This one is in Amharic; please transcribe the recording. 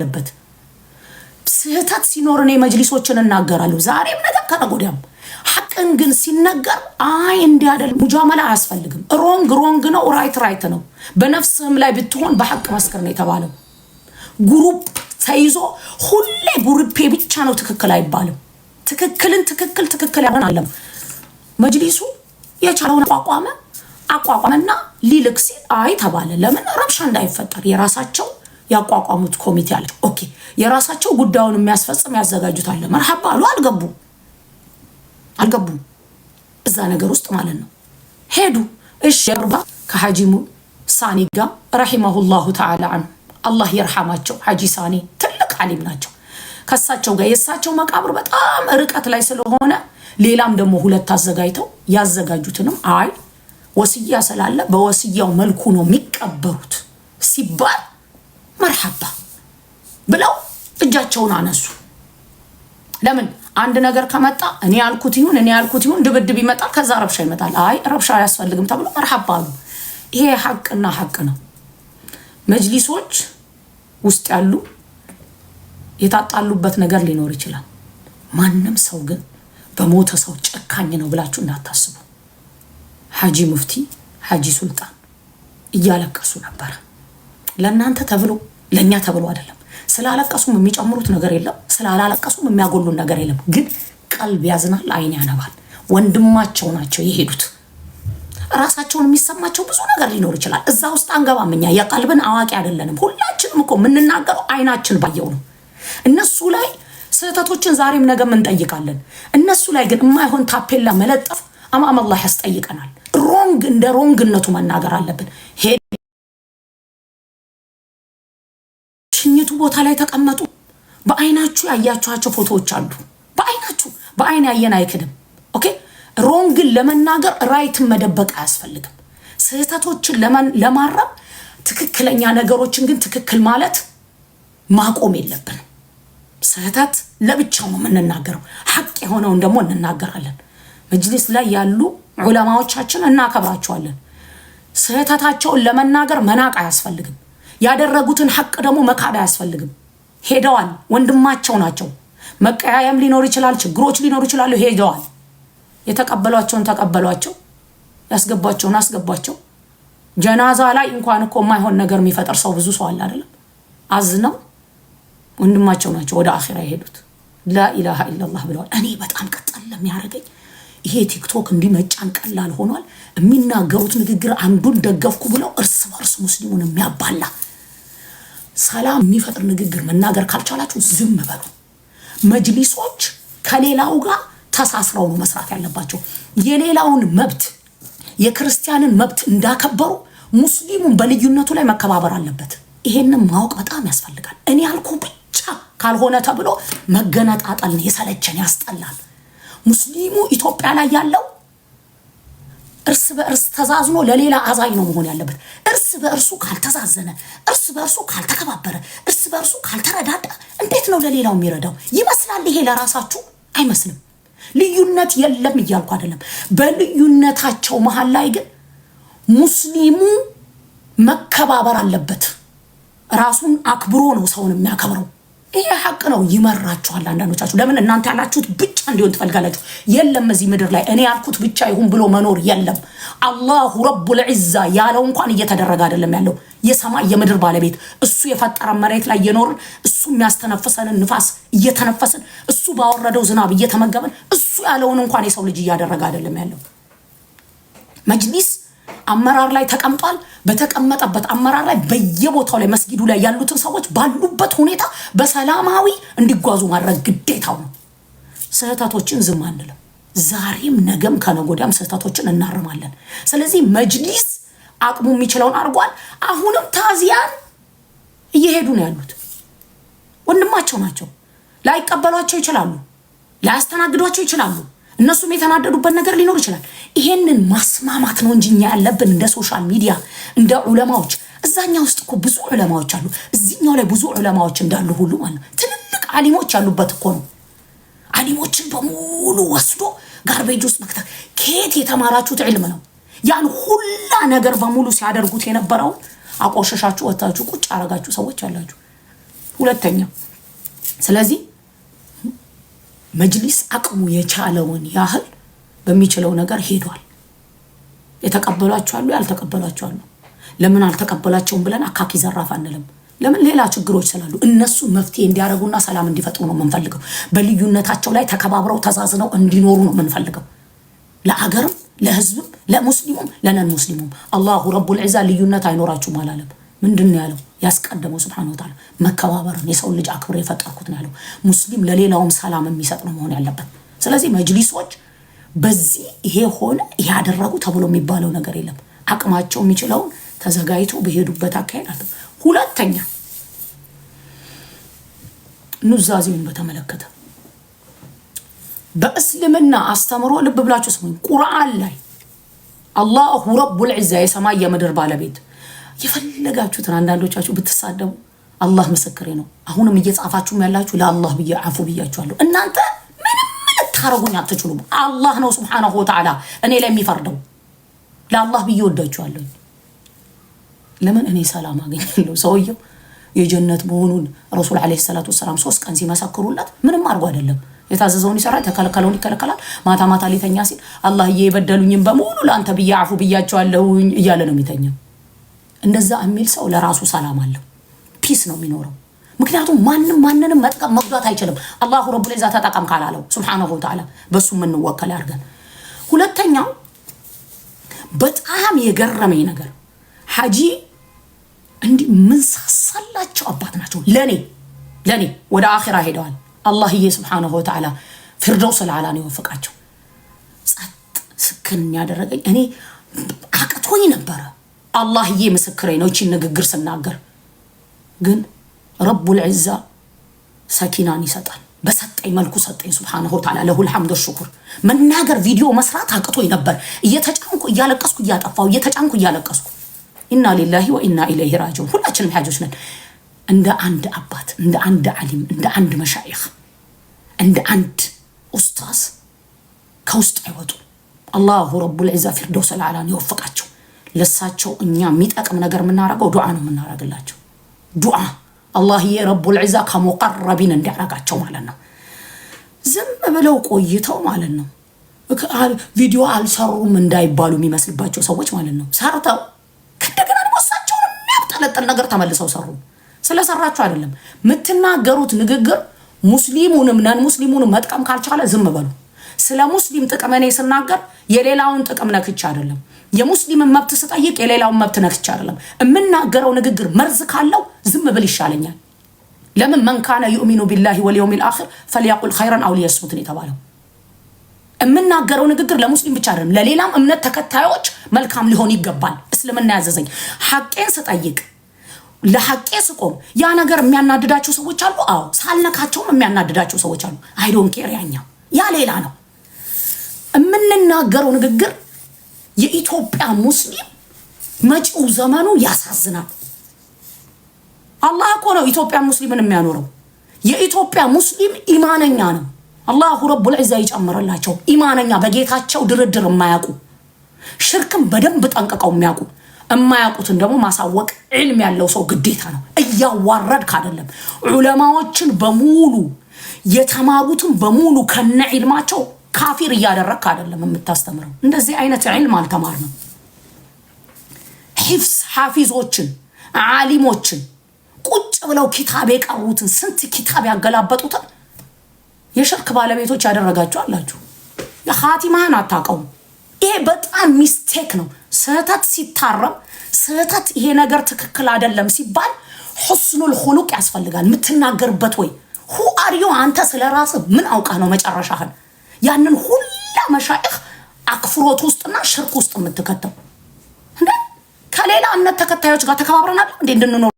አለበት። ስህተት ሲኖር እኔ መጅሊሶችን እናገራለሁ፣ ዛሬም ነገ ከነገ ወዲያም። ሀቅን ግን ሲነገር አይ እንዲያደል ሙጃመላ አያስፈልግም። ሮንግ ሮንግ ነው፣ ራይት ራይት ነው። በነፍስህም ላይ ብትሆን በሀቅ መስክር ነው የተባለው። ጉሩፕ ተይዞ ሁሌ ጉርፔ ብቻ ነው ትክክል አይባልም። ትክክልን ትክክል ትክክል ያለን አለም መጅሊሱ የቻለውን አቋቋመ አቋቋመና ሊልክ ሲል አይ ተባለ። ለምን ረብሻ እንዳይፈጠር የራሳቸው ያቋቋሙት ኮሚቴ አለ። ኦኬ የራሳቸው ጉዳዩን የሚያስፈጽም ያዘጋጁት አለ። መርሐባ አሉ። አልገቡም አልገቡ እዛ ነገር ውስጥ ማለት ነው። ሄዱ። እሺ ርባ ከሐጂሙ ሳኒ ጋር ረሂመሁላሁ ተዓላ አን አላህ የርሓማቸው ሐጂ ሳኒ ትልቅ አሊም ናቸው። ከሳቸው ጋር የእሳቸው መቃብር በጣም ርቀት ላይ ስለሆነ ሌላም ደግሞ ሁለት አዘጋጅተው ያዘጋጁትንም አይ ወስያ ስላለ በወስያው መልኩ ነው የሚቀበሩት ሲባል መርሐባ ብለው እጃቸውን አነሱ። ለምን? አንድ ነገር ከመጣ እኔ ያልኩት ይሁን እኔ ያልኩት ይሁን ድብድብ ይመጣል፣ ከዛ ረብሻ ይመጣል። አይ ረብሻ አያስፈልግም ተብሎ መርሐባ አሉ። ይሄ ሀቅና ሀቅ ነው። መጅሊሶች ውስጥ ያሉ የታጣሉበት ነገር ሊኖር ይችላል። ማንም ሰው ግን በሞተ ሰው ጨካኝ ነው ብላችሁ እንዳታስቡ። ሐጂ ሙፍቲ ሐጂ ሱልጣን እያለቀሱ ነበረ። ለእናንተ ተብሎ ለእኛ ተብሎ አይደለም። ስላለቀሱም የሚጨምሩት ነገር የለም። ስላላለቀሱም የሚያጎሉን ነገር የለም። ግን ቀልብ ያዝናል፣ አይን ያነባል። ወንድማቸው ናቸው የሄዱት። ራሳቸውን የሚሰማቸው ብዙ ነገር ሊኖር ይችላል። እዛ ውስጥ አንገባም። እኛ የቀልብን አዋቂ አይደለንም። ሁላችንም እኮ የምንናገረው አይናችን ባየው ነው። እነሱ ላይ ስህተቶችን ዛሬም ነገም እንጠይቃለን። እነሱ ላይ ግን የማይሆን ታፔላ መለጠፍ አማም አላህ ያስጠይቀናል። ሮንግ እንደ ሮንግነቱ መናገር አለብን። ቦታ ላይ ተቀመጡ። በአይናችሁ ያያችኋቸው ፎቶዎች አሉ። በአይናችሁ በአይን ያየን አይክድም። ኦኬ ሮንግን ለመናገር ራይትን መደበቅ አያስፈልግም። ስህተቶችን ለማረም ትክክለኛ ነገሮችን ግን ትክክል ማለት ማቆም የለብንም። ስህተት ለብቻው ነው የምንናገረው። ሀቅ የሆነውን ደግሞ እንናገራለን። መጅሊስ ላይ ያሉ ዑለማዎቻችን እናከብራቸዋለን። ስህተታቸውን ለመናገር መናቅ አያስፈልግም። ያደረጉትን ሐቅ ደግሞ መካድ አያስፈልግም። ሄደዋል። ወንድማቸው ናቸው። መቀያየም ሊኖር ይችላል፣ ችግሮች ሊኖሩ ይችላሉ። ሄደዋል። የተቀበሏቸውን ተቀበሏቸው፣ ያስገቧቸውን አስገቧቸው። ጀናዛ ላይ እንኳን እኮ የማይሆን ነገር የሚፈጠር ሰው ብዙ ሰው አለ አይደለም። አዝነው ወንድማቸው ናቸው ወደ አኼራ የሄዱት። ላኢላሃ ኢላላህ ብለዋል። እኔ በጣም ቀጠን ለሚያደርገኝ ይሄ ቲክቶክ እንዲመጫን ቀላል ሆኗል። የሚናገሩት ንግግር አንዱን ደገፍኩ ብለው እርስ በርስ ሙስሊሙን የሚያባላ ሰላም የሚፈጥር ንግግር መናገር ካልቻላችሁ ዝም በሉ። መጅሊሶች ከሌላው ጋር ተሳስረው ነው መስራት ያለባቸው። የሌላውን መብት የክርስቲያንን መብት እንዳከበሩ ሙስሊሙን በልዩነቱ ላይ መከባበር አለበት። ይሄንን ማወቅ በጣም ያስፈልጋል። እኔ ያልኩ ብቻ ካልሆነ ተብሎ መገነጣጠል የሰለቸን ያስጠላል። ሙስሊሙ ኢትዮጵያ ላይ ያለው እርስ በእርስ ተዛዝኖ ለሌላ አዛኝ ነው መሆን ያለበት። እርስ በእርሱ ካልተዛዘነ፣ እርስ በእርሱ ካልተከባበረ፣ እርስ በእርሱ ካልተረዳዳ እንዴት ነው ለሌላው የሚረዳው? ይመስላል። ይሄ ለራሳችሁ አይመስልም። ልዩነት የለም እያልኩ አይደለም። በልዩነታቸው መሀል ላይ ግን ሙስሊሙ መከባበር አለበት። ራሱን አክብሮ ነው ሰውን የሚያከብረው። ይሄ ሀቅ ነው። ይመራችኋል። አንዳንዶቻችሁ ለምን እናንተ ያላችሁት ብቻ እንዲሆን ትፈልጋላችሁ? የለም እዚህ ምድር ላይ እኔ ያልኩት ብቻ ይሁን ብሎ መኖር የለም። አላሁ ረቡል ዒዛ ያለው እንኳን እየተደረገ አይደለም ያለው። የሰማይ የምድር ባለቤት እሱ የፈጠረ መሬት ላይ እየኖርን እሱ የሚያስተነፍሰንን ንፋስ እየተነፈስን እሱ ባወረደው ዝናብ እየተመገብን እሱ ያለውን እንኳን የሰው ልጅ እያደረገ አይደለም ያለው መጅሊስ አመራር ላይ ተቀምጧል። በተቀመጠበት አመራር ላይ በየቦታው ላይ መስጊዱ ላይ ያሉትን ሰዎች ባሉበት ሁኔታ በሰላማዊ እንዲጓዙ ማድረግ ግዴታው ነው። ስህተቶችን ዝም አንልም። ዛሬም ነገም ከነጎዳም ስህተቶችን እናርማለን። ስለዚህ መጅሊስ አቅሙ የሚችለውን አድርጓል። አሁንም ታዚያን እየሄዱ ነው ያሉት ወንድማቸው ናቸው። ላይቀበሏቸው ይችላሉ፣ ላያስተናግዷቸው ይችላሉ። እነሱም የተናደዱበት ነገር ሊኖር ይችላል። ይሄንን ማስማማት ነው እንጂ እኛ ያለብን እንደ ሶሻል ሚዲያ እንደ ዑለማዎች እዛኛ ውስጥ እኮ ብዙ ዑለማዎች አሉ። እዚኛው ላይ ብዙ ዑለማዎች እንዳሉ ሁሉ ማለት ነው ትልልቅ አሊሞች ያሉበት እኮ ነው። አሊሞችን በሙሉ ወስዶ ጋርቤጅ ውስጥ መክተት ከየት የተማራችሁት ዕልም ነው? ያን ሁላ ነገር በሙሉ ሲያደርጉት የነበረው አቆሸሻችሁ፣ ወታችሁ ቁጭ አረጋችሁ ሰዎች አላችሁ። ሁለተኛ ስለዚህ መጅሊስ አቅሙ የቻለውን ያህል በሚችለው ነገር ሄዷል። የተቀበሏቸው አሉ፣ ያልተቀበሏቸው አሉ። ለምን አልተቀበላቸውም ብለን አካኪ ዘራፍ አንልም። ለምን ሌላ ችግሮች ስላሉ እነሱ መፍትሄ እንዲያደርጉና ሰላም እንዲፈጥሩ ነው የምንፈልገው። በልዩነታቸው ላይ ተከባብረው ተዛዝነው እንዲኖሩ ነው የምንፈልገው። ለአገርም፣ ለህዝብም፣ ለሙስሊሙም፣ ለነን ሙስሊሙም አላሁ ረቡል ዒዛ ልዩነት አይኖራችሁም አላለም። ምንድን ነው ያለው? ያስቀደመው ስብሓን ወተዓላ መከባበርን የሰውን ልጅ አክብሮ የፈጠርኩት ነው ያለው። ሙስሊም ለሌላውም ሰላም የሚሰጥ ነው መሆን ያለበት። ስለዚህ መጅሊሶች በዚህ ይሄ ሆነ ያደረጉ ተብሎ የሚባለው ነገር የለም። አቅማቸው የሚችለውን ተዘጋጅቶ በሄዱበት አካሄድ አለ። ሁለተኛ ኑዛዜውን በተመለከተ በእስልምና አስተምሮ ልብ ብላችሁ ስሙኝ። ቁርአን ላይ አላሁ ረቡል ዒዛ የሰማይ የምድር ባለቤት የፈለጋችሁትን አንዳንዶቻችሁ ብትሳደቡ አላህ ምስክሬ ነው። አሁንም እየጻፋችሁም ያላችሁ ለአላህ ብዬ አፉ ብያችኋለሁ። እናንተ ምንም ልታረጉኝ አትችሉም። አላህ ነው ስብሓናሁ ወተዓላ እኔ ላይ የሚፈርደው። ለአላህ ብዬ ወዳችኋለሁ። ለምን እኔ ሰላም አገኛለሁ። ሰውየው የጀነት መሆኑን ረሱል ዓለይሂ ሰላቱ ወሰላም ሶስት ቀን ሲመሰክሩለት ምንም አድርጎ አይደለም። የታዘዘውን ይሰራል፣ የተከለከለውን ይከለከላል። ማታ ማታ ሊተኛ ሲል አላህዬ የበደሉኝም በሙሉ ለአንተ ብዬ አፉ ብያቸዋለሁ እያለ ነው የሚተኛው። እንደዛ የሚል ሰው ለራሱ ሰላም አለው፣ ፒስ ነው የሚኖረው። ምክንያቱም ማንም ማንንም መጥቀም መጉዳት አይችልም። አላሁ ረቡል ዒዛ ተጠቀም ካላለው ስብሓነሁ ወተዓላ በሱ የምንወከል ያድርገን። ሁለተኛው በጣም የገረመኝ ነገር ሐጂ እንዲህ ምንሳሳላቸው አባት ናቸው። ለኔ ለኔ ወደ አኺራ ሄደዋል። አላህዬ ስብሓነሁ ወተዓላ ፊርደውስ ለዓላ ነው የወፈቃቸው። ጸጥ ስክን ያደረገኝ እኔ አቅቶኝ ነበረ አላህዬ ምስክሬ ነው። ይቺን ንግግር ስናገር ግን ረቡል ዒዛ ሰኪናን ይሰጣል። በሰጠኝ መልኩ ሰጠኝ። ስብሓነሁ ወተዓላ ለሁል ሐምድ ሽኩር። መናገር ቪዲዮ መስራት አቅቶኝ ነበር። እየተጫንኩ እያለቀስኩ እያጠፋሁ እየተጫንኩ እያለቀስኩ ኢና ሊላሂ ወኢና ኢለይሂ ራጂዑን። ሁላችንም ሐጆች ነን። እንደ አንድ አባት፣ እንደ አንድ ዓሊም፣ እንደ አንድ መሻይኽ፣ እንደ አንድ ኡስታዝ ከውስጥ አይወጡም። አላሁ ረቡል ዒዛ ፊርደውስ አልዓላን የወፈቃቸው ለሳቸው እኛ የሚጠቅም ነገር የምናረገው ዱዓ ነው የምናረግላቸው። ዱዓ አላህዬ ረቡል ዒዛ ከሞቀረቢን እንዲያረጋቸው ማለት ነው። ዝም ብለው ቆይተው ማለት ነው ቪዲዮ አልሰሩም እንዳይባሉ የሚመስልባቸው ሰዎች ማለት ነው። ሰርተው ከእንደገና ደግሞ እሳቸውን የሚያብጠለጥል ነገር ተመልሰው ሰሩ። ስለሰራችሁ አይደለም የምትናገሩት ንግግር ሙስሊሙንም ነን ሙስሊሙንም መጥቀም ካልቻለ ዝም በሉ። ስለ ሙስሊም ጥቅም እኔ ስናገር የሌላውን ጥቅም ነክቼ አይደለም የሙስሊምን መብት ስጠይቅ የሌላውን መብት ነክቼ አይደለም። የምናገረው ንግግር መርዝ ካለው ዝም ብል ይሻለኛል። ለምን መንካነ ዩእሚኑ ቢላሂ ወልየውም አኺር ፈሊያቁል ኸይረን አው ሊየስሙት የተባለው የምናገረው ንግግር ለሙስሊም ብቻ አይደለም፣ ለሌላም እምነት ተከታዮች መልካም ሊሆን ይገባል። እስልምና ያዘዘኝ ሐቄን ስጠይቅ ለሐቄ ስቆም ያ ነገር የሚያናድዳቸው ሰዎች አሉ። አዎ ሳልነካቸውም የሚያናድዳቸው ሰዎች አሉ። አይዶን ኬር ያኛው ያ ሌላ ነው። የምንናገረው ንግግር የኢትዮጵያ ሙስሊም መጪው ዘመኑ ያሳዝናል። አላህ እኮ ነው ኢትዮጵያ ሙስሊምን የሚያኖረው። የኢትዮጵያ ሙስሊም ኢማነኛ ነው። አላሁ ረቡል ዒዛ ይጨምርላቸው። ኢማነኛ በጌታቸው ድርድር የማያውቁ ሽርክም በደንብ ጠንቅቀው የሚያውቁ የማያውቁትን ደግሞ ማሳወቅ ዕልም ያለው ሰው ግዴታ ነው። እያዋረድክ አይደለም። ዑለማዎችን በሙሉ የተማሩትን በሙሉ ከነ ዒልማቸው ካፊር እያደረግክ አይደለም የምታስተምረው። እንደዚህ አይነት ዕልም አልተማርንም። ሒፍስ ሓፊዞችን ዓሊሞችን ቁጭ ብለው ኪታብ የቀሩትን ስንት ኪታብ ያገላበጡትን የሽርክ ባለቤቶች ያደረጋችሁ አላችሁ። የኻቲማህን አታውቀውም። ይሄ በጣም ሚስቴክ ነው። ስህተት ሲታረም ስህተት ይሄ ነገር ትክክል አይደለም ሲባል ሑስኑል ኹሉቅ ያስፈልጋል። የምትናገርበት ወይ አርዮ አንተ ስለ ራስህ ምን አውቃ ነው መጨረሻህን ያንን ሁላ መሻይህ አክፍሮት ውስጥና ሽርክ ውስጥ የምትከተው እንደ ከሌላ እምነት ተከታዮች ጋር ተከባብረናል እንዴ